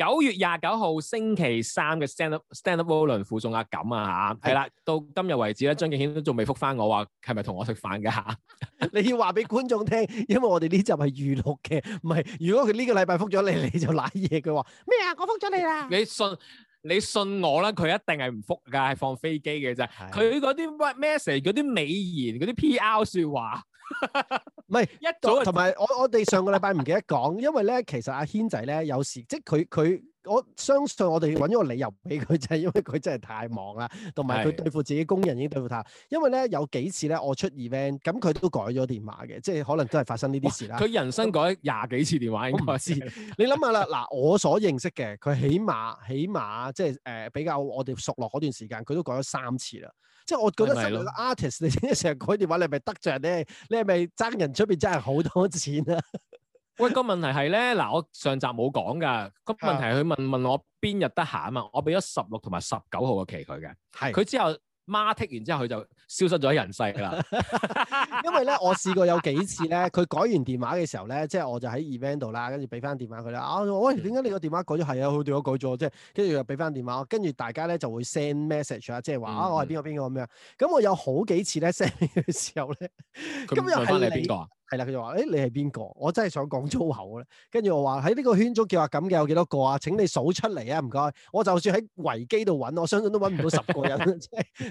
九月廿九號星期三嘅 stand up stand up volun 扶眾阿錦啊吓，係啦，到今日為止咧，張敬軒都仲未覆翻我話係咪同我食飯嘅吓， 你要話俾觀眾聽，因為我哋呢集係預錄嘅，唔係，如果佢呢個禮拜覆咗你，你就瀨嘢，佢話咩啊，我覆咗你啦。你信你信我啦，佢一定係唔覆㗎，係放飛機嘅啫。佢嗰啲 message，嗰啲美言，嗰啲 P.R. 説話，唔係一早，同埋我我哋上個禮拜唔記得講， 因為咧其實阿軒仔咧有時即係佢佢。我相信我哋揾咗個理由俾佢，就係因為佢真係太忙啦，同埋佢對付自己工人已經對付曬。因為咧有幾次咧我出 event，咁佢都改咗電話嘅，即係可能都係發生呢啲事啦。佢人生改廿幾次電話應該先。你諗下啦。嗱，我所認識嘅佢起碼起碼即係誒、呃、比較我哋熟落嗰段時間，佢都改咗三次啦。即係我覺得成個 artist 你成日改電話，你係咪得罪人咧？你係咪爭人出邊真係好多錢啊？ 喂，個問題係咧，嗱，我上集冇講噶。個問題係佢問問我邊日得閒啊嘛，我俾咗十六同埋十九號嘅期佢嘅。係是，佢之後 mark 完之後，佢就消失咗人世啦。 因為咧，我試過有幾次咧，佢改完電話嘅時候咧，即係我就喺 event 度啦，跟住俾翻電話佢啦。啊，喂，點解你個電話改咗？係、嗯、啊，佢對我改咗，即係跟住又俾翻電話我。跟住大家咧就會 send message 啊，即係話啊，我係邊個邊個咁樣。咁我有好幾次咧 send 嘅時候咧，咁 又係你。 係啦，佢就話：誒、欸，你係邊個？我真係想講粗口咧。跟住我話喺呢個圈中叫話咁嘅有幾多個啊？請你數出嚟啊！唔該。我就算喺維基度揾，我相信都揾唔到十個人，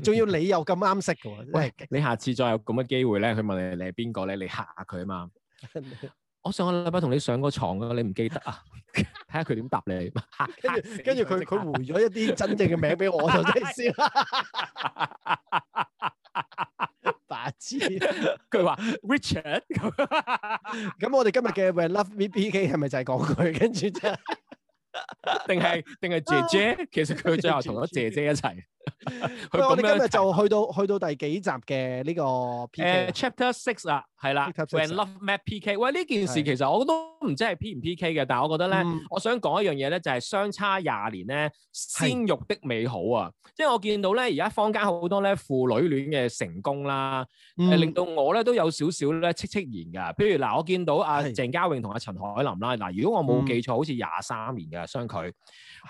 仲要 你又咁啱識喎。喂，你下次再有咁嘅機會咧，佢問你你係邊個咧？你嚇下佢啊嘛！ 我上個禮拜同你上過床啊，你唔記得啊？睇下佢點答你。跟住跟住佢佢回咗一啲真正嘅名俾我，就真係笑。 知佢話 Richard 咁，咁我哋今日嘅《When love met》P.K. 係咪就係講佢？跟住啫，定係定係姐姐？其實佢最後同咗姐姐一齊。我哋今日就去到去到第幾集嘅呢個 P.K. Chapter 6啊！係啦，When Love Met P K，喂，呢件事其實我都唔知係 P 唔 P K 嘅，但係我覺得咧，我想講一樣嘢咧，就係相差廿年咧，鮮肉的美好啊！即係我見到咧，而家坊間好多咧父女戀嘅成功啦，誒令到我咧都有少少咧戚戚然㗎。譬如嗱，我見到阿鄭嘉穎同阿陳凱琳啦，嗱，如果我冇記錯，好似廿三年嘅相距，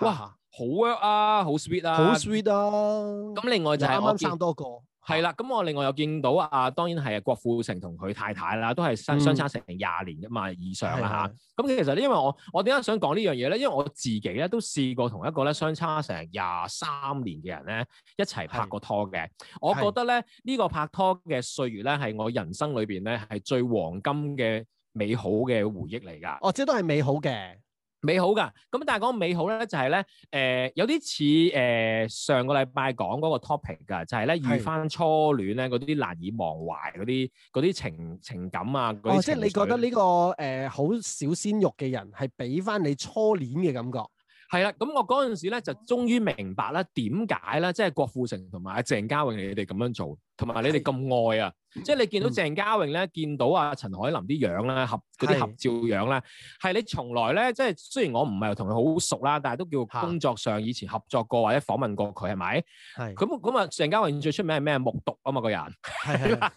哇，好 work 啊，好 sweet 啊，好 sweet 啊！咁另外就係啱啱生多個。係啦，咁我另外又見到啊，當然係郭富城同佢太太啦，都係相相差成廿年㗎嘛，以上啦嚇。咁其實咧，因為我我點解想講呢樣嘢咧？因為我自己咧都試過同一個咧相差成廿三年嘅人咧一齊拍過拖嘅。的我覺得咧呢是的 個拍拖嘅歲月咧係我人生裏邊咧係最黃金嘅美好嘅回憶嚟㗎。哦，即都係美好嘅。美好噶，咁但係講美好咧，就是，就係咧，誒，有啲似誒上個禮拜講嗰個 topic 噶，就係咧遇翻初戀咧嗰啲難以忘懷嗰啲啲情情感啊，哦，即係你覺得呢，這個誒好、呃、小鮮肉嘅人係俾翻你初戀嘅感覺。係啦，咁我嗰陣時咧就終於明白啦，點解咧，即係郭富城同埋啊鄭嘉穎你哋咁樣做，同埋你哋咁愛啊，的即係你見到鄭嘉穎咧，見到啊陳海琳啲樣啦，合嗰啲合照樣啦，係的你從來咧，即係雖然我唔係同佢好熟啦，但係都叫工作上以前合作過或者訪問過佢係咪？係。咁咁啊，鄭嘉穎最出名係咩？木獨啊嘛，個人。係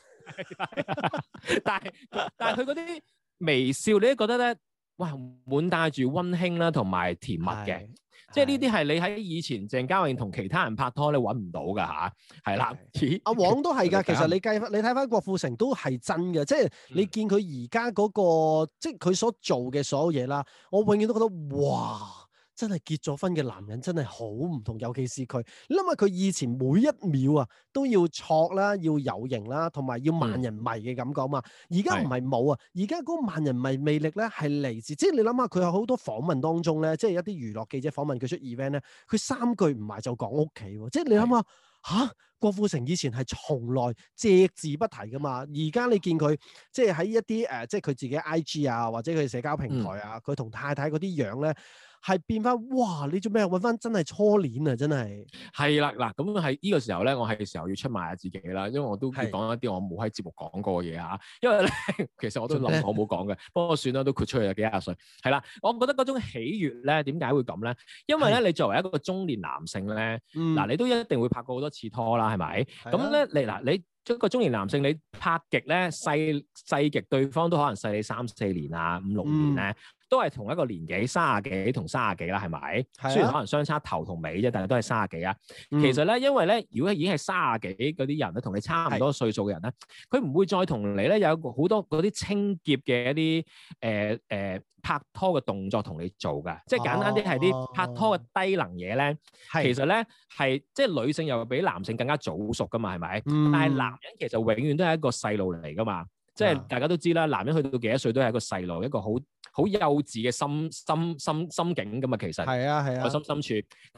但係但係佢嗰啲微笑，你都覺得咧？哇！滿帶住温馨啦、啊，同埋甜蜜嘅，即係呢啲係你喺以前鄭嘉穎同其他人拍拖你揾唔到㗎吓，係、啊、啦。阿的、啊、黃都係噶，看看其實你計翻，你睇翻郭富城都係真嘅，即係你見佢而家嗰個，嗯、即係佢所做嘅所有嘢啦，我永遠都覺得哇～真係結咗婚嘅男人真係好唔同，尤其是佢，你諗下，佢以前每一秒啊都要挫啦，要有型啦，同埋要萬人迷嘅感覺嘛。而家唔係冇啊，而家嗰萬人迷魅力咧係嚟自，即係你諗下佢有好多訪問當中咧，即係一啲娛樂記者訪問佢出 event 咧，佢三句唔埋就講屋企，即係你諗下吓，郭富城以前係從來隻字不提噶嘛，而家你見佢即係喺一啲誒，即係佢、呃、自己 IG 啊，或者佢社交平台啊，佢同、嗯、太太嗰啲樣咧。係變翻哇！你做咩啊？揾翻真係初戀啊！真係係啦嗱，咁喺呢個時候咧，我係時候要出賣下自己啦，因為我都要講一啲我冇喺節目講過嘅嘢嚇。因為咧，其實我都諗我冇講嘅，不過 我算啦，都豁出去幾廿歲。係啦，我覺得嗰種喜悅咧，點解會咁咧？因為咧，的你作為一個中年男性咧，嗱、嗯，你都一定會拍過好多次拖啦，係咪？咁咧的，你嗱，你一個中年男性，你拍極咧細細極，對方都可能細你三四年啊，五六年咧。嗯都係同一個年紀，卅幾同卅幾啦，係咪？啊、雖然可能相差頭同尾啫，但係都係卅幾啊。嗯、其實咧，因為咧，如果已經係卅幾嗰啲人咧，同你差唔多歲數嘅人咧，佢唔是會再同你咧有好多嗰啲清潔嘅一啲誒誒拍拖嘅動作同你做㗎。哦、即係簡單啲係啲拍拖嘅低能嘢咧。是其實咧係即係女性又比男性更加早熟㗎嘛，係咪？嗯、但係男人其實永遠都係一個細路嚟㗎嘛。即係大家都知啦，男人去到幾多歲都係一個細路，一個好好幼稚嘅心心心心境咁啊，其實係啊係啊，個、啊、心心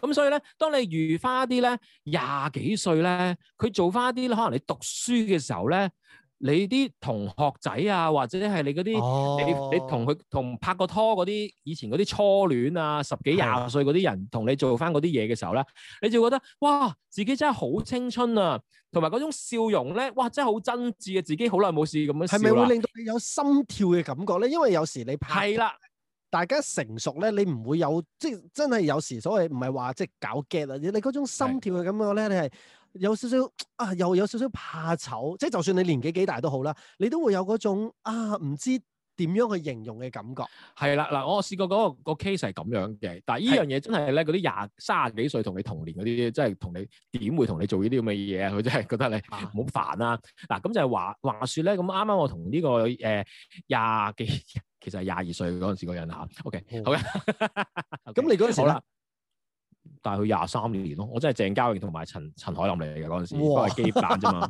處。咁所以咧，當你如花啲咧，廿幾歲咧，佢做翻啲可能你讀書嘅時候咧。你啲同學仔啊，或者係你嗰啲、oh. 你你同佢同拍過拖嗰啲以前嗰啲初戀啊，十幾廿歲嗰啲人同的你做翻嗰啲嘢嘅時候咧，你就覺得哇，自己真係好青春啊，同埋嗰種笑容咧，哇，真係好真摯啊，自己好耐冇試過咁樣。係咪會令到你有心跳嘅感覺咧？因為有時你拍係啦，的大家成熟咧，你唔會有即係真係有時所謂唔係話即係搞 get 啊，你你嗰種心跳嘅感覺咧，你係的。有少少啊，又有少少怕醜，即係就算你年紀幾大都好啦，你都會有嗰種啊，唔知點樣去形容嘅感覺。係啦，嗱，我試過嗰、嗰個 case 係咁樣嘅，但係呢樣嘢真係咧，嗰啲廿三十幾歲同你同年嗰啲，真係同你點會同你做呢啲咁嘅嘢啊？佢真係覺得你唔好煩啊！嗱、啊，咁、啊、就係話話説咧，咁啱啱我同呢、這個誒廿、呃、幾，其實係廿二歲嗰陣時嗰人嚇。OK，好嘅，咁你嗰陣時但係佢廿三年咯，我真係鄭嘉穎同埋陳陳凱琳嚟嘅嗰陣時，哇都係基板啫嘛。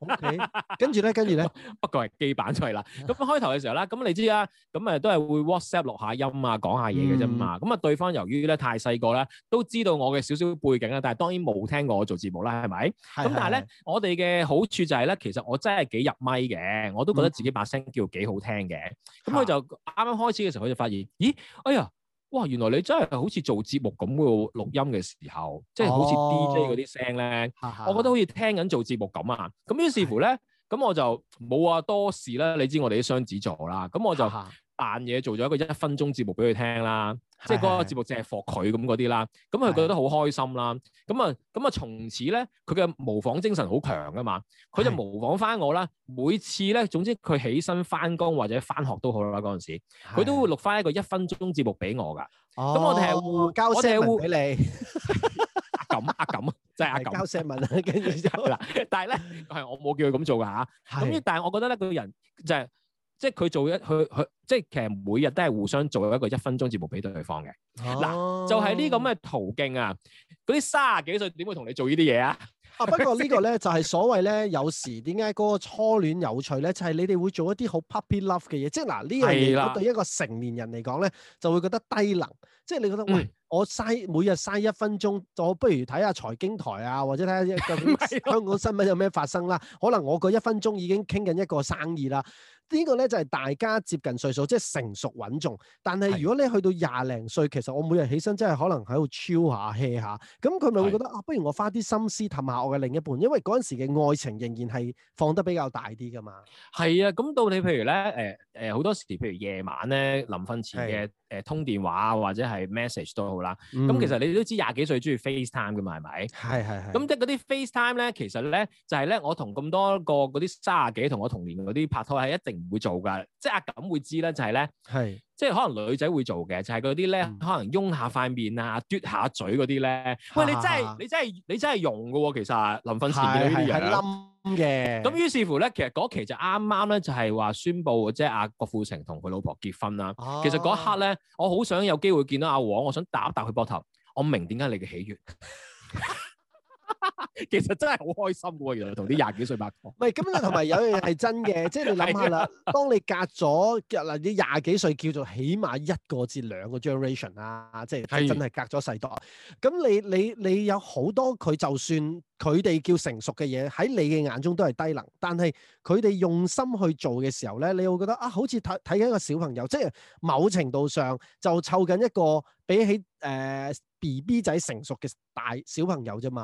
O Okay . K， 跟住咧，跟住咧，不過係基板出嚟啦。咁 開頭嘅時候咧，咁你知啦，咁啊都係會 WhatsApp 錄下音啊，講下嘢嘅啫嘛。咁啊、嗯，對方由於咧太細個咧，都知道我嘅少少背景啦，但係當然冇聽過我做節目啦，係咪？咁的但係咧，的我哋嘅好處就係咧，其實我真係幾入咪嘅，我都覺得自己把聲叫幾好聽嘅。咁佢、嗯、就啱啱開始嘅時候，佢就發現，咦，哎呀。哎哇！原來你真係好似做節目咁喎，錄音嘅時候，即係好似 DJ 嗰啲聲咧，哦、我覺得好似聽緊做節目咁啊！咁於、嗯、是乎咧，咁的我就冇話多事啦。你知我哋啲雙子座啦，咁我就。哦扮嘢做咗一個一分鐘節目俾佢聽啦，是是是即係嗰個節目淨係服佢咁嗰啲啦，咁佢是、嗯、覺得好開心啦，咁啊咁啊，從、嗯嗯嗯、此咧佢嘅模仿精神好強噶嘛，佢是是 就模仿翻我啦，每次咧，總之佢起身翻工或者翻學都好啦，嗰陣時佢是是 都會錄翻一個一分鐘節目俾我噶，咁、哦、我哋係互交涉文俾你 阿，阿錦阿錦即係阿錦交涉文 啊，跟住就啦，但係咧係我冇叫佢咁做噶吓，咁但係我覺得咧個人就係、是。即係佢做一佢佢即係其實每日都係互相做一個一分鐘節目俾到對方嘅，嗱就係呢個咩途徑啊。嗰啲卅幾歲點會同你做呢啲嘢啊？啊不過個呢個咧就係、是、所謂咧，有時點解嗰個初戀有趣咧？就係、是、你哋會做一啲好 puppy love 嘅嘢，即係嗱呢樣嘢對一個成年人嚟講咧，就會覺得低能，即係你覺得喂、嗯、我嘥每日嘥一分鐘，我不如睇下財經台啊，或者睇下香港新聞有咩發生啦、啊。 啊、可能我個一分鐘已經傾緊一個生意啦。個呢個咧就係、是、大家接近歲數，即係成熟穩重。但係如果你去到廿零歲，其實我每日起身真係可能喺度超下 hea 下，咁佢咪會覺得啊，不如我花啲心思氹下我嘅另一半，因為嗰陣時嘅愛情仍然係放得比較大啲噶嘛。係啊，咁到你，譬如咧，誒誒好多時譬如夜晚咧臨瞓前嘅誒通電話或者係 message 都好啦。咁、嗯嗯、其實你哋都知廿幾歲中意 FaceTime 噶嘛係咪？係係係。咁的的即係嗰啲 FaceTime 咧，其實咧就係、是、咧、就是、我同咁多個嗰啲卅幾同我同年嗰啲拍拖係一定。唔會做噶，即係阿錦會知啦，就係、是、咧，係是即係可能女仔會做嘅，就係嗰啲咧，嗯、可能擁下塊面啊，嘟下嘴嗰啲咧。啊、喂，你真係、啊、你真係你真係用噶、啊，其實啊，臨瞓前呢啲嘢。係係冧嘅。咁於是乎咧，其實嗰期就啱啱咧，就係話宣布即係阿郭富城同佢老婆結婚啦。啊、其實嗰一刻咧，我好想有機會見到阿王，我想打打佢膊頭，我唔明點解你嘅喜悅。 其實真係好開心喎、啊，原來同啲廿幾歲八婆。唔係咁，同埋有樣嘢係真嘅， 即係你諗下啦。 當你隔咗嗱啲廿幾歲，叫做起碼一個至兩個 generation 啦，即係真係隔咗世代。咁你你你有好多佢就算佢哋叫成熟嘅嘢，喺你嘅眼中都係低能。但係佢哋用心去做嘅時候咧，你會覺得啊，好似睇睇緊一個小朋友，即係某程度上就湊緊一個比起誒。呃 B B 仔成熟嘅大小朋友啫嘛、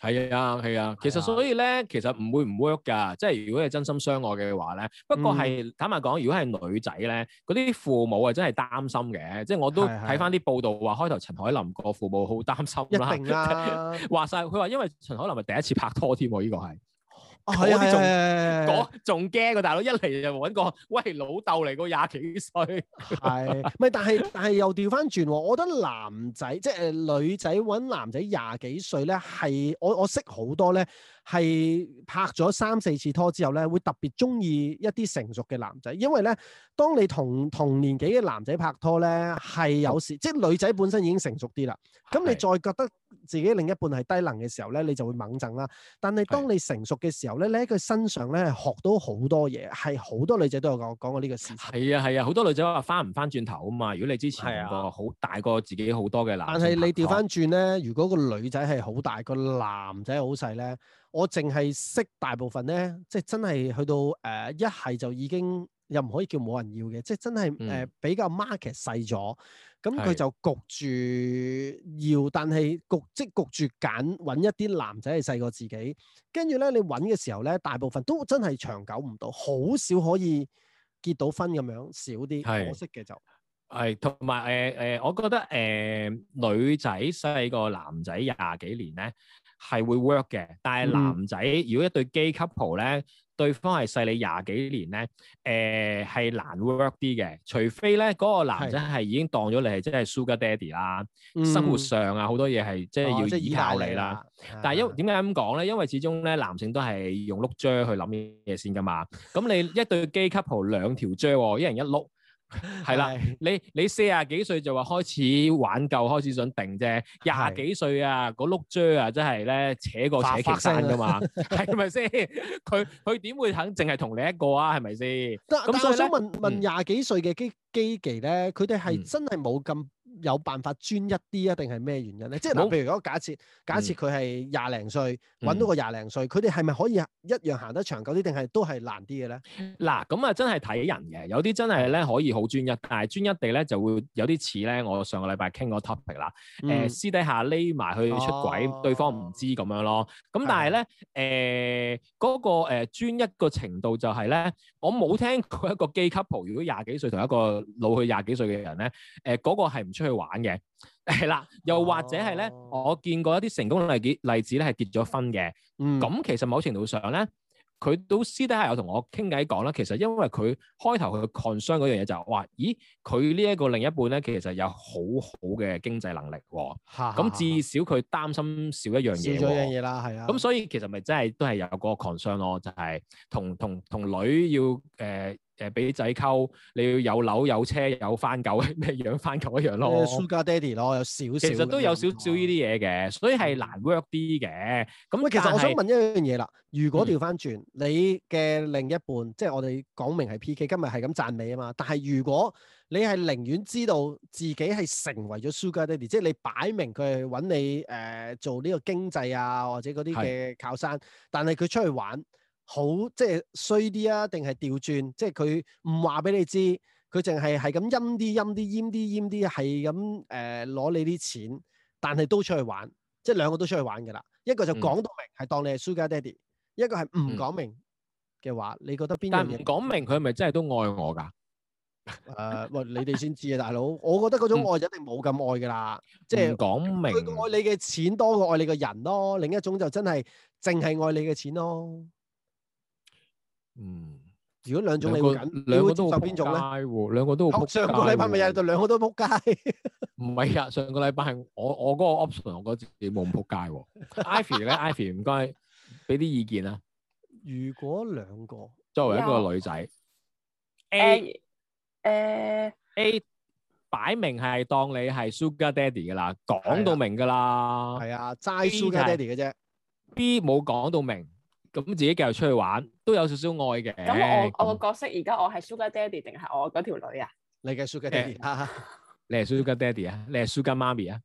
啊，係啊係啊，其實所以咧，其實唔會唔 work 㗎，即係如果係真心相愛嘅話咧，不過係、嗯、坦白講，如果係女仔咧，嗰啲父母啊真係擔心嘅，即係我都睇翻啲報道話，開頭是是 陳凱琳個父母好擔心啦，明定啊， 話晒，佢話因為陳凱琳係第一次拍拖添喎，依、這個係。係啊，嗰仲驚個大佬，一嚟就搵個喂老豆嚟個廿幾歲，係是，唔係？ 但係但係又調翻轉，我覺得男仔即係女仔搵男仔廿幾歲咧，係我我識好多咧。係拍咗三四次拖之後咧，會特別中意一啲成熟嘅男仔，因為咧，當你同同年紀嘅男仔拍拖咧，係有時、嗯、即係女仔本身已經成熟啲啦。咁、嗯、你再覺得自己另一半係低能嘅時候咧，你就會猛震啦。但係當你成熟嘅時候咧，嗯、你喺佢身上咧學到好多嘢，係好多女仔都有講講過呢個事情。係啊係啊，好、啊、多女仔話翻唔翻轉頭啊嘛。如果你之前個好大過自己好多嘅男、啊，但係你調翻轉咧，如果個女仔係好大個男仔好細咧。我淨係識大部分咧，即係真係去到誒、呃、一係就已經又唔可以叫冇人要嘅，即係真係誒、呃、比較 market 細咗、嗯，咁佢就焗住要，但係焗即焗住揀揾一啲男仔係細過自己，跟住咧你揾嘅時候咧，大部分都真係長久唔到，好少可以結到婚咁樣少啲，是可惜嘅就係同埋誒誒，我覺得誒、呃、女仔所細過男仔廿幾年咧。係會 work 嘅，但係男仔、嗯、如果一對 gay couple 咧，對方係細你廿幾年咧，誒、呃、係難 work 啲嘅，除非咧嗰、那個男仔係是已經當咗你係真係 Sugar Daddy 啦，嗯、生活上啊好多嘢係即係要、哦、依靠你啦。哦你啊、但係因為點解咁講咧？因為始終咧男性都係用碌張去諗嘢先噶嘛。咁你一對 gay couple 兩條張，一人一碌。係啦的，你你四廿幾歲就話開始玩夠，開始想定啫。廿幾歲啊，嗰碌漿啊，真係咧扯過扯拆散噶嘛，係咪先？佢佢點會肯淨係同你一個啊？係咪先？咁我想問、嗯、問廿幾歲嘅基基技咧，佢哋係真係冇咁。有辦法專一啲啊？定係咩原因咧？即係嗱，沒 譬如如果假設假設佢係廿零歲揾到個廿零歲，佢哋係咪可以一樣行得長久啲，定係都係難啲嘅咧？嗱，咁啊，真係睇起人嘅，有啲真係咧可以好專一，但係專一地咧就會有啲似咧我上個禮拜傾個 topic 啦。誒、嗯呃，私底下匿埋去出軌，哦、對方唔知咁樣咯。咁但係咧，誒嗰是的、呃那個誒專一個程度就係、是、咧，我冇聽過一個 gay couple 如果廿幾歲同一個老去廿幾歲嘅人咧，誒、呃、嗰、那個係唔出去。玩嘅係啦， 又或者係咧，oh。我見過一啲成功例子，例子咧，係結咗婚嘅。咁、嗯、其實某程度上咧，佢都私底下有同我傾偈講啦。其實因為佢開頭嘅 concern 嗰樣嘢就話、是，咦，佢呢一個另一半咧，其實有好好嘅經濟能力喎、哦。咁 至少佢擔心少一樣嘢、哦。少咗樣嘢啦，係啊。咁所以其實咪真係都係有嗰個 concern 咯，就係、是、同同同女要誒。呃誒，俾仔溝，你要有樓有車有番狗咩？養番狗一樣咯，Sugar Daddy 咯，有少少。其實都有少少呢啲嘢嘅，所以係難 work 啲嘅。咁其實我想問一樣嘢啦。如果調翻轉，嗯、你嘅另一半，即係我哋講明係 PK，今日係咁讚美啊嘛。但係如果你係寧願知道自己係成為咗 Sugar Daddy，即係你擺明佢係搵你誒、呃、做呢個經濟啊，或者嗰啲嘅靠山，是但係佢出去玩。好即係衰啲啊，定係調轉？即係佢唔話俾你知，佢淨係係咁陰啲、陰啲、陰、呃、啲、陰啲，係咁誒攞你啲錢，但係都出去玩，即係兩個都出去玩噶啦。一個就講到明，係、嗯、當你係 Sugar Daddy；一個係唔講明嘅話，嗯、你覺得邊？但唔講明，佢係咪真係都愛我噶？誒、呃，喂， 你哋先知啊，大佬。我覺得嗰種愛一定冇咁愛噶啦，嗯、即係唔講明。佢愛你嘅錢多過愛你嘅人咯。另一種就真係淨係愛你嘅錢咯。嗯，如果兩種你會揀，你會中邊種咧？兩個都扑街，兩個都上個禮拜咪又係對兩個都扑街。唔係呀，上個禮拜係我我嗰個 option，我覺得自己冇咁扑街。Ivy 咧，Ivy 唔該俾啲意見啊。如果兩個，作為一個女仔，A 誒，A 擺明係當你係 Sugar Daddy 噶啦，講到明噶啦，係啊，齋 Sugar Daddy 嘅啫。B 冇講到明。咁自己繼續出去玩，都有少少愛嘅。咁我我個角色而家我係 Sugar Daddy 定係我嗰條女啊？你嘅 Sugar Daddy，你係 Sugar Daddy 啊？你係 Sugar 媽咪啊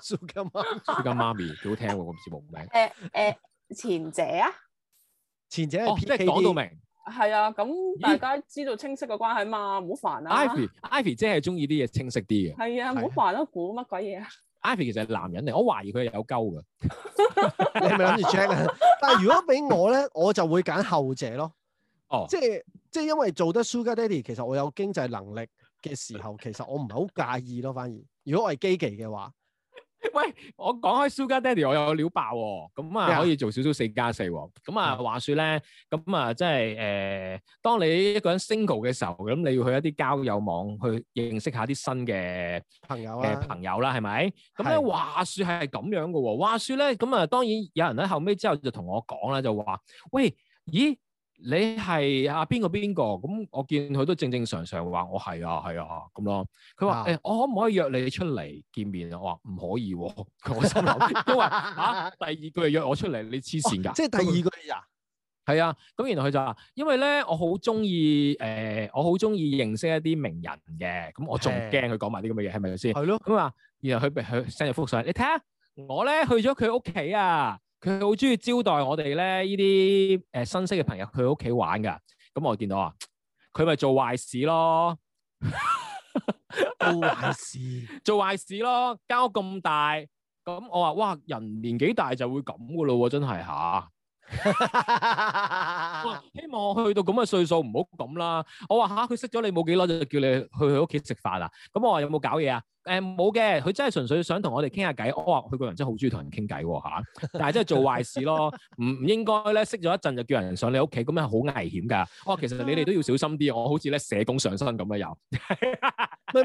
？Sugar 媽 Sugar 媽咪幾好聽喎，我唔知冇名。誒誒、欸欸，前者啊，前者哦，都講到明。係啊，咁大家知道清晰嘅關係嘛，唔好煩啊。Ivy Ivy 姐係中意啲嘢清晰啲嘅。係啊，唔好煩啦，估乜鬼嘢啊！Ivy 其實係男人嚟，我懷疑佢係有鳩㗎。你係咪諗住 check 啊？但係如果俾我咧，我就會揀後者咯。哦、oh.，即係即係因為做得 Sugar Daddy，其實我有經濟能力嘅時候，其實我唔係好介意咯。反而如果我係基期嘅話，喂，我講開蘇家爹哋，我有料爆。哦、咁、嗯嗯、啊可以做少少四加四、嗯，咁啊、嗯、話說咧，咁、嗯、啊即係誒、呃，當你一個人 single 嘅時候，咁、嗯、你要去一啲交友網去認識一下啲新嘅朋友嘅、啊呃、朋友啦，係咪？咁、嗯、咧是、哦，話說係咁樣嘅，話說咧，咁啊當然有人喺後尾之後就同我講咧，就話喂，咦？你係啊邊個邊個？咁我見佢都正正常常話我係啊係啊咁咯。佢話誒，我可唔可以約你出嚟見面啊？我話唔可以喎。我心諗，因為嚇、啊、第二句約我出嚟，你黐線㗎。即係第二句呀？係啊。咁然後佢就話，因為咧，我好中意誒，我好中意認識一啲名人嘅。咁我仲驚佢講埋啲咁嘅嘢，係咪的先？係咯的。咁啊，然後佢佢 send 咗封信，你睇下，我咧去咗佢屋企啊。佢好中意招待我哋咧，依啲誒新識嘅朋友去屋企玩噶。咁、嗯、我見到啊，佢咪做壞事咯，做壞事，做壞事咯。間屋咁大，咁、嗯、我話：哇，人年紀大就會咁噶咯，真係嚇、啊。 希望我去到咁嘅歲數唔好咁啦。我話嚇，佢、啊、識咗你冇幾耐就叫你去佢屋企食飯、嗯、有有啊。咁我話有冇搞嘢啊？誒，冇嘅、欸，佢真係純粹想同我哋傾下偈。我話佢個人真係好中意同人傾偈吓，但係真係做壞事咯，唔唔 應該咧。識咗一陣就叫人上你屋企，咁樣係好危險噶。我其實你哋都要小心啲。我好似咧社工上身咁樣又。唔 係，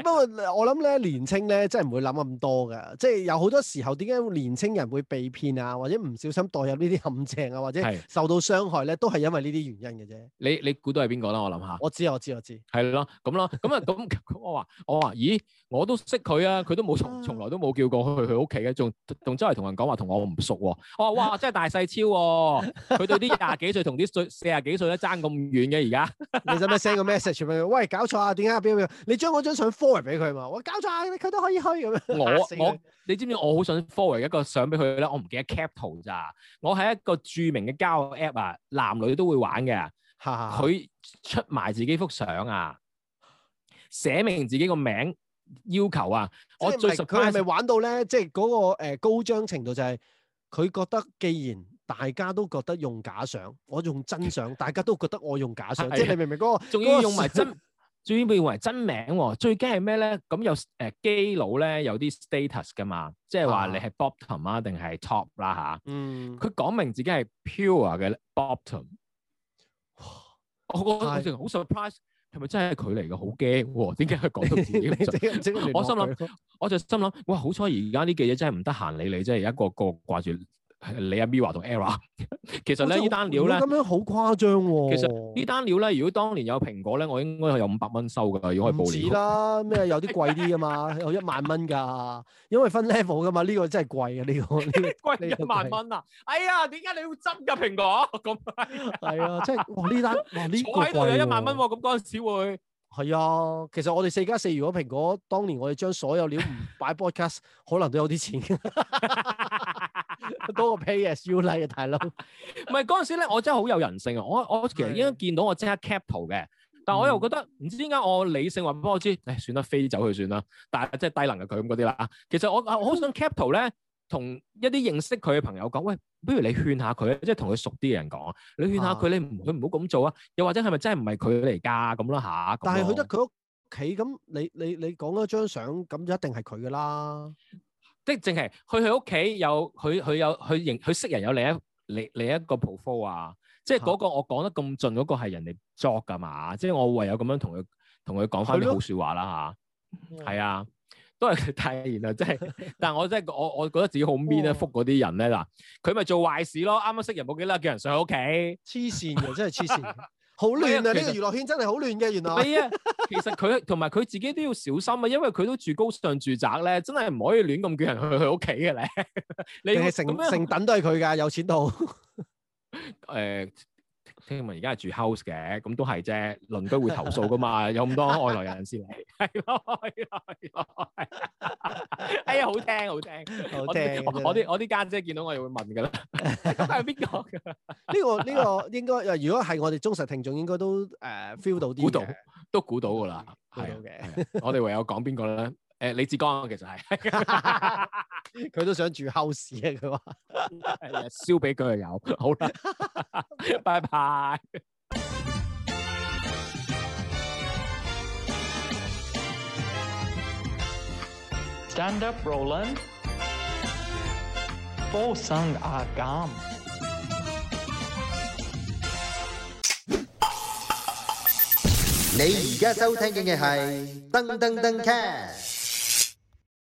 不過我諗咧，年青咧真係唔會諗咁多噶。即係有好多時候，點解年青人會被騙啊，或者唔小心墮入呢啲陷阱啊，或者受到傷害咧，是都係因為呢啲原因嘅啫。你你估到係邊個啦？我諗下。我知，我知，我知。係咯，咁咯，咁啊，咁我話，我話，咦，我都識佢。佢啊，佢都冇從從來都冇叫過佢去佢屋企嘅，仲同周圍同人講話同我唔熟喎。我話哇，真係大細超喎！佢對啲廿幾歲同啲四廿幾歲都爭咁遠嘅而家。你使唔使 send 個 message 俾佢？喂，搞錯啊！點解啊？俾佢俾佢？你將嗰張相 forward 俾佢嘛？我搞錯啊！佢都可以去咁樣。我我你知唔知？我好想 forward 一個相俾佢咧。我唔記得 cap 圖咋。我係一個著名嘅交友 app 啊，男女都會玩嘅。佢出埋自己幅相啊，寫明自己個名。要求啊！即是 我最唔係佢係咪玩到咧？即係、那、嗰個誒、呃、高張程度就係佢覺得既然大家都覺得用假相，我用真相， 大家都覺得我用假相， 即係你明唔明嗰、那個？仲要用埋真，仲 要用埋真名、啊。最驚係咩咧？咁有誒，基佬咧有啲 status 噶嘛？即係話你係 bottom 啊，定係 top 啦、啊、吓。嗯，佢講明自己係 pure 嘅 bottom。我我覺得好 surprise。係咪真係佢嚟嘅？好驚喎，點解佢講到自己？ 我心諗想， 我就心諗，哇！好彩而家啲記者真係唔得閒理你，真係一個個掛住。你阿咪華同 Era 其實咧呢單料咧，咁樣好誇張喎。其實呢 單料咧、啊，如果當年有蘋果咧，我應該係有五百蚊收噶。如果報紙啦，咩有啲貴啲噶嘛？ 有一萬蚊噶，因為分 level 噶嘛。呢、這個真係貴啊！呢、這個呢貴一萬蚊啊！哎呀，點解你要執噶蘋果？咁 係 啊，即係哇呢單呢貴喎。度、這個、有一萬蚊喎、啊，咁嗰陣時會係啊。其實我哋四加四，4, 如果蘋果當年我哋將所有料唔擺 podcast 可能都有啲錢。 多個 PSU 咧、啊，大佬，唔係嗰陣時咧，我真係好有人性啊！我我其實應該見到我即刻 cap 圖嘅。的但係我又覺得唔知點解我理性話俾我知，誒，算啦，飛走佢算啦，但係即係低能嘅佢咁嗰啲啦。其實我我好想 cap 圖咧，同一啲認識佢嘅朋友講，喂，不如你勸下佢，即係同佢熟啲嘅人講，你勸下佢，啊、你佢唔好咁做啊！又或者係咪真係唔係佢嚟噶咁啦吓？但係去得佢屋企咁，你你你講咗張相咁就一定係佢噶啦。即係淨係佢佢屋企有佢佢有佢認佢識人有另一另一一個 profile 即係嗰個我講得咁盡嗰、嗰個係人哋作㗎嘛，即係我唯有咁樣同佢同佢講翻啲好説話啦吓，係了啊，都係、啊， 但係原來即係，但係我真係我我覺得自己好 mean 啊哇，覆嗰啲人咧嗱，佢咪做壞事咯，啱啱識人冇幾耐叫人上去屋企，黐線嘅真係黐線。 好亂啊！呢實個娛樂圈真係好亂嘅，原來。係啊，其實佢同埋佢自己都要小心啊，因為佢都住高尚住宅咧，真係唔可以亂咁叫人去佢屋企嘅咧。 你係成成等都係佢㗎，有錢到。誒、 呃。聽聞而家係住 house 嘅，咁都係啫，鄰居會投訴噶嘛？有咁多外來人士嚟，係咯，哎呀，好聽，好聽，好聽！我啲我啲家姐，姐見到我又會問噶啦，係 邊個、 這個噶？呢個呢個應該誒，如果係我哋忠實聽眾，應該都誒 feel、呃、到啲、嗯，估到都估到噶啦，係、啊。啊啊、 我哋唯有講邊個咧？誒李志剛啊，其實係，佢都想住 house 嘅，佢話，燒俾佢又有，好啦，拜拜。Stand up, Roland. For some, I got. 你而家收聽緊嘅係登登登 cat。